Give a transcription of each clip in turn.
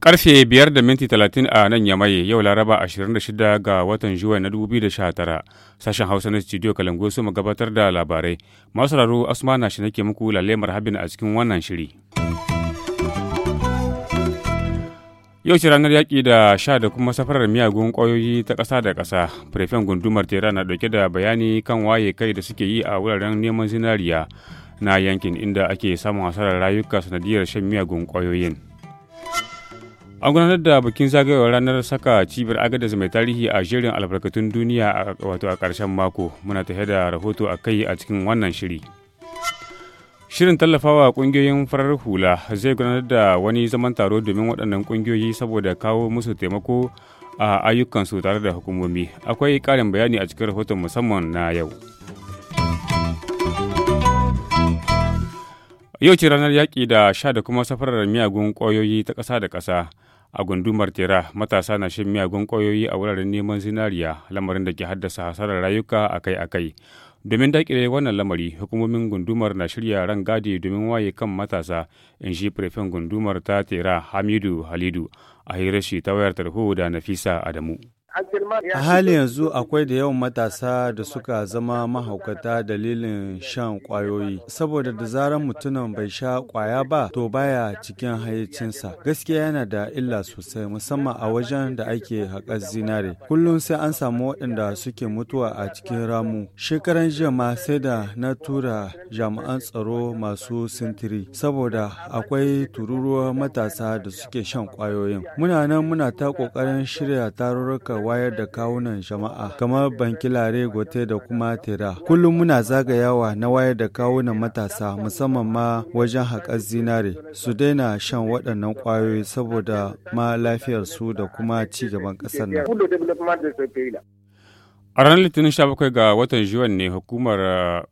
Karfe biyar da minti talatin a nan Yamai yau Laraba 26 ga watan Juwa na 2019 sashen Hausa na studio Kalangu su gabatar da labarai. Masu raro Asma na shi nake muku lalemar habin a cikin wannan shiri. Yau ce ranar yaƙi da sha da kuma safarar miyagun ƙwayoyi ta ƙasa da ƙasa. Firfen gundumar Tera na ɗauke da bayani kan waye kai da suke yi a wuraren neman zinariya na yankin inda ake samun hasarar rayuka sanadiyar shan miyagun ƙwayoyin. An gudanar da bikin zagayowar ranar saka cibiyar agadas mai tarihi a jerin albarkatun duniya wato a ƙarshen mako. Muna tafiya da rahoto a kai a cikin wannan shiri. Shirin tallafawa kungiyoyin farar hula zai gudanar da wani zaman taro domin waɗannan kungiyoyi saboda kawo musu taimako a ayyukansu tare da hukumomi. Akwai ƙarin bayani a cikin rahoton musamman na yau. Yau ce ranar yaƙi da sha da kuma safarar miyagun ƙwayoyi ta ƙasa da ƙasa. A gundumar Tera, matasa na shan miyagun ƙwayoyi a wuraren neman zinariya, lamarin da ke haddasa hasarar rayuka akai-akai. domin daƙile wannan lamari hukumomin gundumar na shirya ran gadi domin waye kan matasa in shi firfin gundumar ta tera hamidu halidu a hirar ta wayar tarho da nafisa adamu A hali yanzu akwai da yawan matasa da suka zama mahaukata dalilin shan ƙwayoyi. Saboda da zarar mutumin bai sha ƙwaya ba, to baya cikin hayyacinsa. Gaskiya yana da illa sosai musamman a wajen da ake haƙar zinare. Kullum sai an samu waɗanda suke mutuwa a cikin ramu. Shekaran jiya ma sai da na tura jami'an tsaro masu sintiri saboda akwai tururuwar matasa da suke shan ƙwayoyin. Muna nan muna ta ƙoƙarin shirya tarurruka wayar da kawunan jama'a kamar bankilare gote da kuma tera. Kullum muna zagayawa na wayar da kawunan matasa musamman ma wajen haƙar zinare su daina shan waɗannan ƙwayoyi saboda ma su da kuma ci gaban ƙasar nan. a ranar litinin 17 ga watan juwan ne hukumar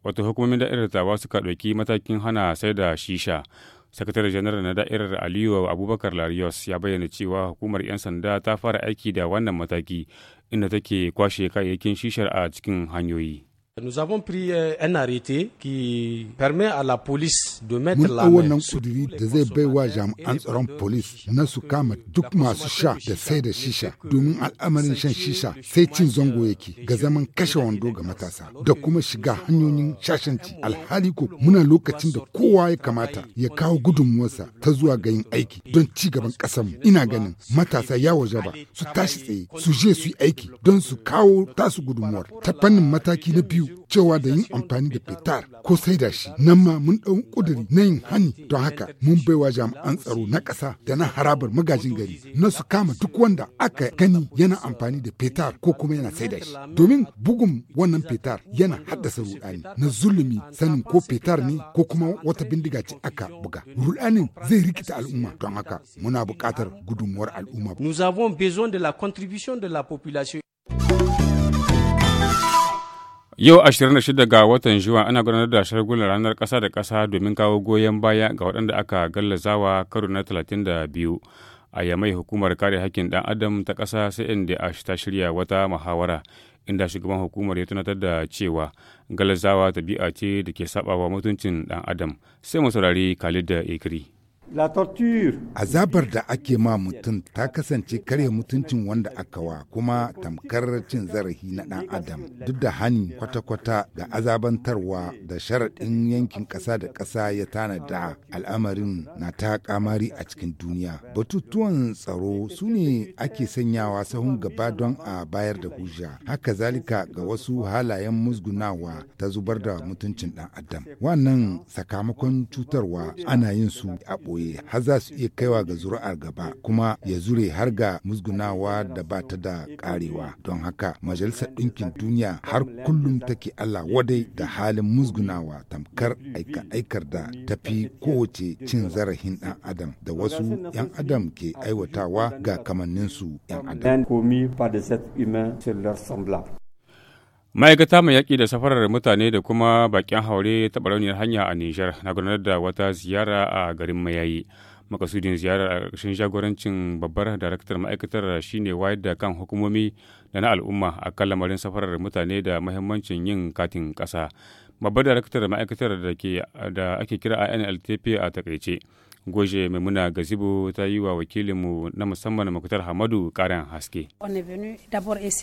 wata hukumomin da'irar tawa suka ɗauki matakin hana sai da shisha sakatare janar na da'irar aliyu abubakar larios ya bayyana cewa hukumar 'yan sanda ta fara aiki da wannan mataki inda take kwashe kayayyakin shishar a cikin hanyoyi Nous avons pris euh, un arrêté qui permet à la police de mettre la main wannan kuduri da zai wa jami'an tsaron police na su kama duk masu sha da sai da shisha domin al'amarin shan shisha sai cin zango yake ga zaman kashe wando ga matasa da kuma shiga hanyoyin shashanci alhali ko muna lokacin da kowa ya kamata ya kawo gudunmuwarsa ta zuwa ga yin aiki don ci gaban ƙasarmu ina ganin matasa ya wajaba. su tashi tsaye su je su yi aiki don su kawo tasu gudunmuwar ta fannin mataki na biyu cewa da yin amfani da fitar ko sai da shi nan ma mun ɗau ƙuduri na yin hani don haka mun baiwa jami'an tsaro na ƙasa da na harabar magajin gari na su kama duk wanda aka gani yana amfani da fitar ko kuma yana sai da shi domin bugun wannan fitar yana haddasa rudani na zulumi sanin ko fitar ne ko kuma wata bindiga ce aka buga rudanin zai rikita al'umma don haka muna buƙatar gudunmuwar al'umma. Nous avons besoin de la contribution de la population. Yau 26 ga watan Juwa ana gudanar da shagulan ranar ƙasa da ƙasa domin kawo goyon baya ga waɗanda aka gallazawa karo na 32. A yamai hukumar kare hakkin ɗan adam ta ƙasa sai inda a ta shirya wata muhawara inda shugaban hukumar ya tunatar da cewa gallazawa tabi'a ce da ke saɓawa mutuncin ɗan adam sai mu saurari Khalid da Ikri. Azabar da ake ma mutum ta kasance karya mutuncin wanda aka wa kuma tamkar cin zarafi na ɗan adam duk da hani kwata-kwata da azabantarwa da sharaɗin yankin ƙasa da ƙasa ya tanada al'amarin na ta kamari a cikin duniya. Batutuwan tsaro su ne ake sanyawa sahun gaba don a bayar da hujja. Haka zalika ga wasu halayen musgunawa ta zubar da mutuncin ɗan adam. Wannan sakamakon cutarwa ana yin su a ɓoye har za su iya kaiwa ga zuri'ar gaba kuma ya zure har ga musgunawa da ba ta da karewa don haka majalisar ɗinkin duniya har kullum take Allah wadai da halin musgunawa tamkar aika aikar da tafi kowace cin zarafin ɗan adam da wasu 'yan adam ke aiwatawa ga kamanninsu 'yan adam. ma'aikata mai yaƙi da safarar mutane da kuma bakin haure ta barauniyar hanya a nijar na gudanar da wata ziyara a garin mayayi makasudin ziyarar a ƙarshen jagorancin babbar daraktar ma'aikatar shine wayar da kan hukumomi da na al'umma a kan lamarin safarar mutane da mahimmancin yin katin ƙasa babbar daraktar ma'aikatar da ke da ake kira INLTP a takaice goje maimuna gazibo ta yi wa wakilinmu na musamman makutar hamadu karen haske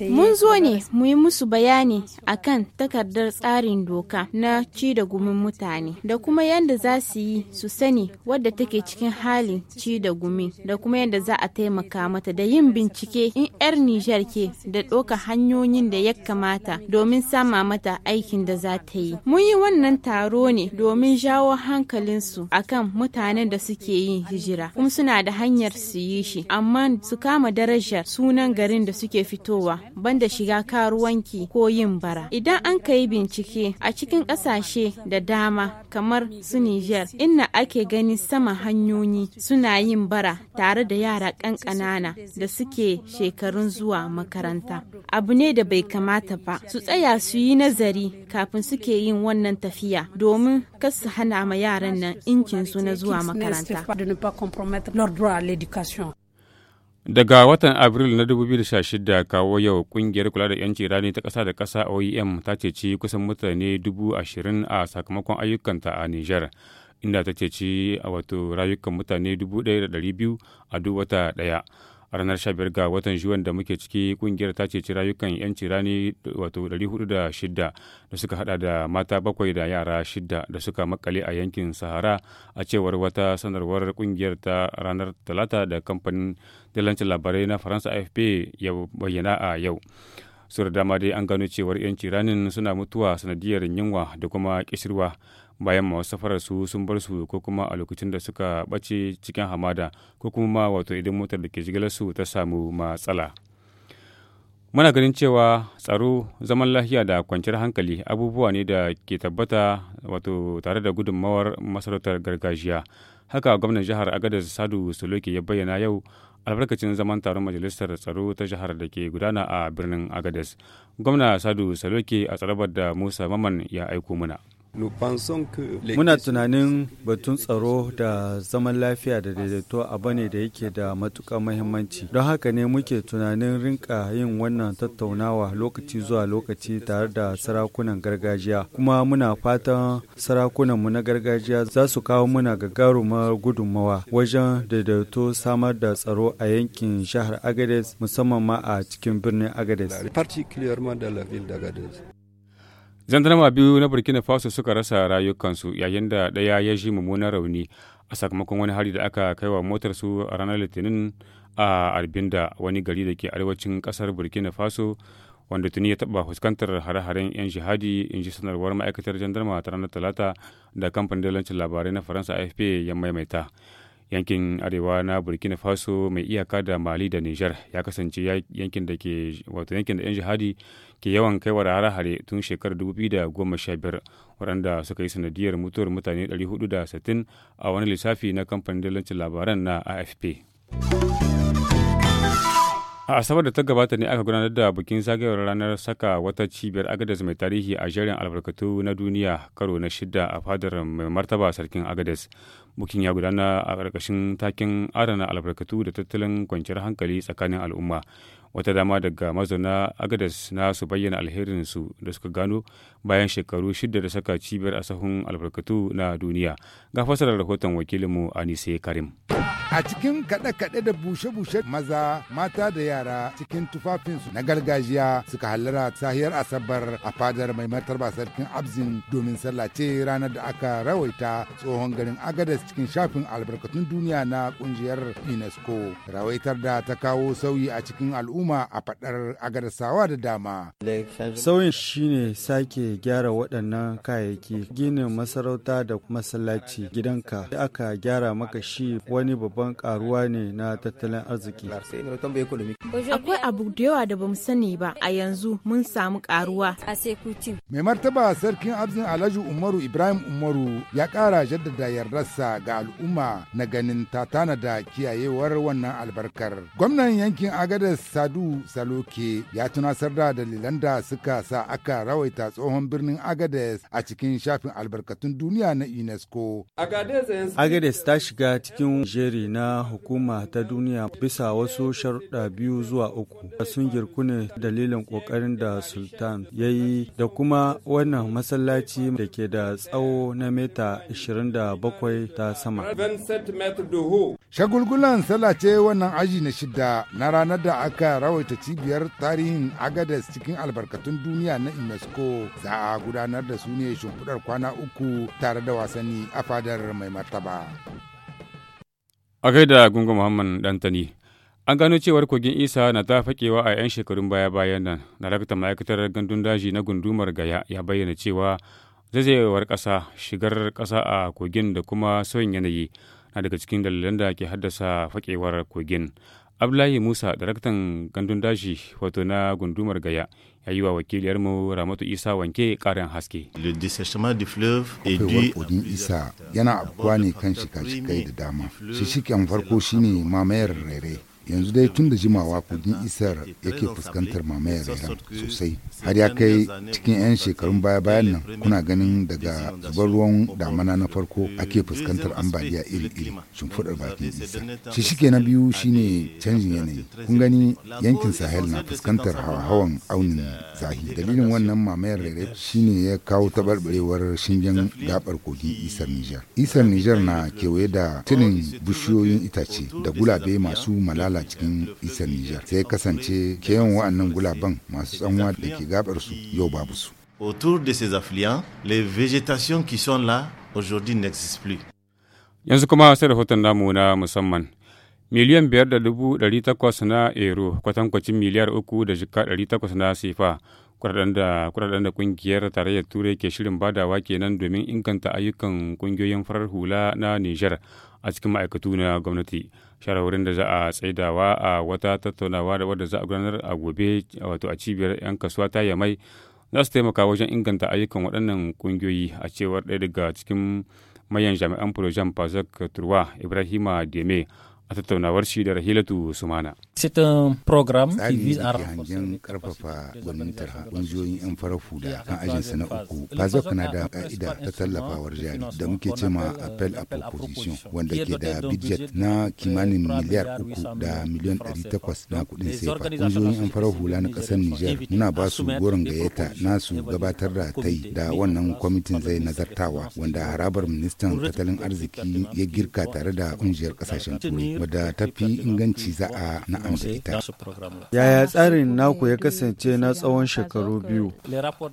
mun zo ne mu yi musu bayani a kan takardar tsarin doka na ci da gumin mutane da kuma yadda za su yi su sani wadda take cikin halin ci da gumi da kuma yadda za a taimaka mata da yin bincike in 'yar nijar ke da doka hanyoyin da ya kamata domin sama mata aikin da za ta yi Mun yi wannan taro ne domin jawo hankalinsu akan mutanen da suke yin hijira, kuma suna da hanyar su yi shi, amma su kama darajar sunan garin da suke fitowa, banda shiga karuwanki ko yin bara. Idan an ka yi bincike a cikin ƙasashe da dama kamar su Niger, inna ake ganin sama hanyoyi suna yin bara tare da yara ƙanƙanana da suke shekarun zuwa makaranta. Abu ne da bai kamata ba, su tsaya su yi nazari kafin suke yi. yin wannan tafiya domin kar su hana ma yaran nan inkin su na zuwa makaranta. Daga watan Abril na 2016 kawo yau kungiyar kula da 'yanci rani ta kasa da kasa OEM ta ceci kusan mutane 20,000 a sakamakon ayyukanta a Nijar, inda ta ceci a wato rayukan mutane 1,200 a duk wata ɗaya. a ranar 15 ga watan juwan da muke ciki kungiyar ta ceci rayukan 'yan cirani wato 406 da suka hada da mata bakwai da yara shida da suka makale a yankin sahara a cewar wata sanarwar kungiyar ta ranar talata da kamfanin dalancin labarai na faransa afp ya bayyana a yau sau da dama dai an gano cewar 'yan ciranin suna mutuwa sanadiyar yunwa da kuma kishirwa. bayan masu safarar su sun bar su ko kuma a lokacin da suka ɓace cikin hamada ko kuma ma wato idan motar da ke jigilar su ta samu matsala muna ganin cewa tsaro zaman lafiya da kwanciyar hankali abubuwa ne da ke tabbata wato tare da gudunmawar masarautar gargajiya haka gwamnan jihar agadez sadu soloke ya bayyana yau albarkacin zaman taron majalisar tsaro ta jihar da ke gudana a birnin agadas gwamna sadu soloke a tsarabar da musa maman ya aiko muna Muna tunanin batun tsaro da zaman lafiya da daidaito abu ne da yake da matuƙar mahimmanci. Don haka ne muke tunanin rinka yin wannan tattaunawa lokaci zuwa lokaci tare da sarakunan gargajiya. Kuma muna fatan sarakunanmu na gargajiya za su kawo muna gagarumar gudunmawa wajen daidaito samar da tsaro a yankin shahar Agades musamman ma a cikin birnin Agades. zandarma biyu na burkina faso suka rasa rayukansu yayin da ɗaya ya ji mummunan rauni a sakamakon wani hari da aka kai wa motarsu a ranar litinin a albinda wani gari da ke arewacin kasar burkina faso wanda tuni ya taɓa fuskantar hare-haren 'yan jihadi in ji sanarwar ma'aikatar jandarma ta ranar talata da kamfanin dalancin labarai na faransa afp ya maimaita yankin arewa na burkina faso mai iyaka da mali da niger ya kasance yankin da ke wato yankin da 'yan jihadi ke yawan kai wa hare-hare tun shekarar 2015 waɗanda suka yi sanadiyar mutuwar mutane 460 a wani lissafi na kamfanin dalancin labaran na afp a asabar da ta gabata ne aka gudanar da bikin zagayowar ranar saka wata cibiyar agadas mai tarihi a jerin albarkatu na duniya karo na shida a fadar mai martaba sarkin agadas bukin ya gudana a karkashin takin adana albarkatu da tattalin kwanciyar hankali tsakanin al'umma wata dama daga mazauna agadas na su bayyana alherin su da suka gano bayan shekaru shida da saka cibiyar a sahun albarkatu na duniya ga fasarar rahoton wakilinmu anise karim A cikin kaɗe-kaɗe da bushe-bushe maza, mata da yara cikin tufafinsu na gargajiya suka hallara sahiyar Asabar a fadar mai martaba sarkin Abzin domin sallace ranar da aka rawaita tsohon garin Agadas cikin shafin albarkatun duniya na ƙungiyar UNESCO. Rawaitar da ta kawo sauyi a cikin al'umma a faɗar Agadasawa da dama. Sauyin shine sake gyara waɗannan kayayyaki ginin masarauta da masallaci gidanka da aka gyara maka shi wani babban babban karuwa ne na tattalin arziki. Akwai abu da yawa da bamu sani ba a yanzu mun samu karuwa. Mai martaba sarkin abzin Alhaji Umaru Ibrahim Umaru ya kara jaddada yardarsa ga al'umma na ganin ta tana da kiyayewar wannan albarkar. Gwamnan yankin Agadez Sadu Saloke ya tunasar da dalilan da suka sa aka rawaita tsohon birnin Agadez a cikin shafin albarkatun duniya na UNESCO. Agadez ta shiga cikin jeri na hukuma ta duniya bisa wasu sharuɗa biyu zuwa uku sun girku ne dalilin ƙoƙarin da sultan ya yi da kuma wannan masallaci da ke da tsawo na mita 27 ta sama. Shagulgulan sala ce wannan aji na shida na ranar da aka rawaita cibiyar tarihin Agadas cikin albarkatun duniya na UNESCO za a gudanar da su ne shimfiɗar kwana uku tare da wasanni a fadar mai martaba. A da gungun Muhammad Dantani, an gano cewar kogin Isa na ta fakewa a 'yan shekarun baya-bayan nan. rakta ma'aikatar gandun daji na gundumar Gaya ya bayyana cewa zaizayewar ƙasa, shigar ƙasa a kogin da kuma sauyin yanayi na daga cikin dalilan da ke haddasa fakewar kogin. Abdullahi Musa, daraktan gandun dashi wato na gundumar Gaya, ya yi wa wakiliyarmu Ramatu Isa wanke karin haske. Kofewar odin Isa yana afkuwa ne kan shika-shikai da dama. Shishiken farko shine mamayar rere. yanzu dai tun da jimawa kogin isar yake fuskantar mamayar iran sosai har ya kai cikin 'yan shekarun baya-bayan nan kuna ganin daga zubar ruwan damana na farko ake fuskantar ambaliya iri-iri shimfiɗar bakin isa shi shike na biyu shine canjin yanayi kun gani yankin sahel na fuskantar hawan aunin zahi dalilin wannan mamayar rere shine ya kawo taɓarɓarewar shingen gabar kogin isar nijar isar nijar na kewaye da tilin bishiyoyin itace da gulabe masu malala wahala cikin isar Nijar. Sai kasance kewan wa'annan gulaban masu tsanwa da ke gabar su yau babu su. Autour de ces affluents, les végétations qui sont là aujourd'hui n'existent plus. Yanzu kuma sai hoton namu na musamman. Miliyan biyar da dubu ɗari takwas na ero kwatankwacin miliyar uku da jika ɗari takwas na sifa kudaden da kungiyar tarayyar turai ke shirin badawa kenan domin inganta ayyukan ƙungiyoyin farar hula na Nijar a cikin ma'aikatu na gwamnati shawarwarin da za a tsaidawa a wata tattaunawa da wadda za a gudanar a gobe wato a cibiyar 'yan kasuwa ta yamai za su taimaka wajen inganta ayyukan waɗannan ƙungiyoyi a cewar ɗaya daga cikin manyan jami'an projan fasak turwa ibrahima deme a tattaunawar shi da rahilatu sumana. C'est un programme tsari da ke hangen karfafa gwanintar kungiyoyin 'yan farar hula kan ajinsa na uku fazok na da ka'ida ta tallafawar jari da muke cema appel euh, a proposition wanda ke da budget na kimanin miliyar uku da miliyan takwas na kudin sefa kungiyoyin 'yan farar hula na kasar niger muna ba su goron gayyata na su gabatar da tai da wannan kwamitin zai nazartawa wanda harabar ministan tattalin arziki ya girka tare da ƙungiyar kasashen turai wadda ta fi inganci za a na amfani da ita. Yaya tsarin naku ya kasance na tsawon shekaru biyu?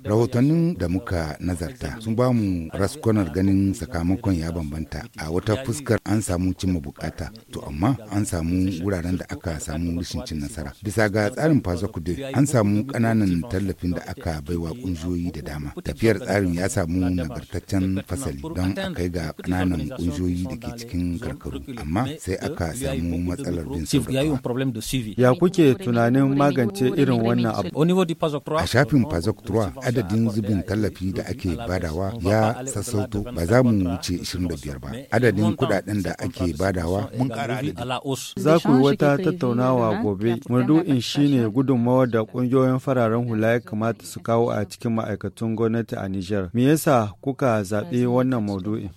Rahotannin da muka nazarta sun ba mu raskunar ganin sakamakon ya bambanta a wata fuskar an samu cimma bukata to amma an samu wuraren da aka samu rashin cin nasara. Bisa ga tsarin fasa kudi an samu ƙananan tallafin da aka baiwa ƙungiyoyi da dama. Tafiyar tsarin ya samu nagartaccen fasali don a kai ga ƙananan ƙungiyoyi da ke cikin karkaru amma sai aka samu matsalar bin sadarwa. CV. Ya kuke tunanin magance irin wannan abu? A shafin Pazok adadin zubin tallafi da ake badawa ya sassauto ba za mu wuce 25 ba. Adadin kudaden da ake badawa mun kara Za ku yi wata tattaunawa gobe. Murdu'in shine gudunmawar da kungiyoyin fararen hula ya kamata su kawo a cikin ma'aikatun gwamnati a Nijar. Me yasa kuka zaɓi wannan maudu'in?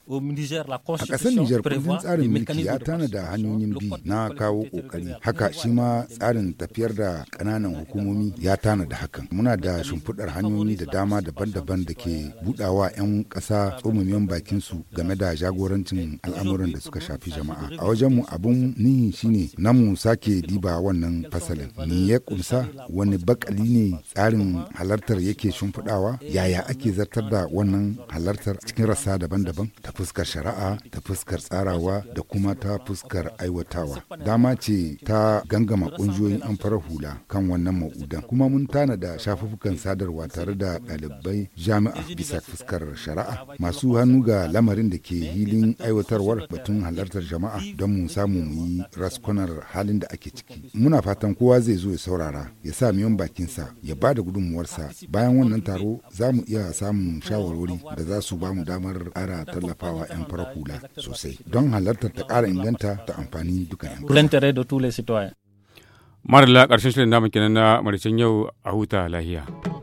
A ƙasar Nijar kundin tsarin mulki ya tana da hanyoyin bi na kawo ƙoƙari. Haka shi kuma tsarin tafiyar da ƙananan hukumomi ya tana da hakan muna da shimfiɗar hanyoyi da dama daban-daban da ke budawa 'yan ƙasa tsomumiyan bakin su game da jagorancin al'amuran da suka shafi jama'a a wajenmu abun nihi shine na mu sake diba wannan fasalin ni ya kumsa wani bakali ne tsarin halartar yake shimfiɗawa yaya ake zartar da wannan halartar cikin rasa daban-daban ta fuskar shari'a ta fuskar tsarawa da kuma ta fuskar aiwatawa dama ce ta ganga gama kungiyoyin an fara hula kan wannan ma'udan kuma mun tana da shafuffukan sadarwa tare da ɗalibai jami'a bisa fuskar shari'a masu hannu ga lamarin da ke hilin aiwatarwar batun halartar jama'a don mu samu mu yi raskunar halin da ake ciki muna fatan kowa zai zo ya saurara ya sa miyan bakinsa ya ba da gudunmuwarsa bayan wannan taro za mu iya samun shawarwari da za su ba mu damar ƙara tallafawa 'yan fara hula sosai don halartar ta kara inganta ta amfani duka 'yan Marala ƙarshen shirin namun kenan na maricin yau a huta lahiya.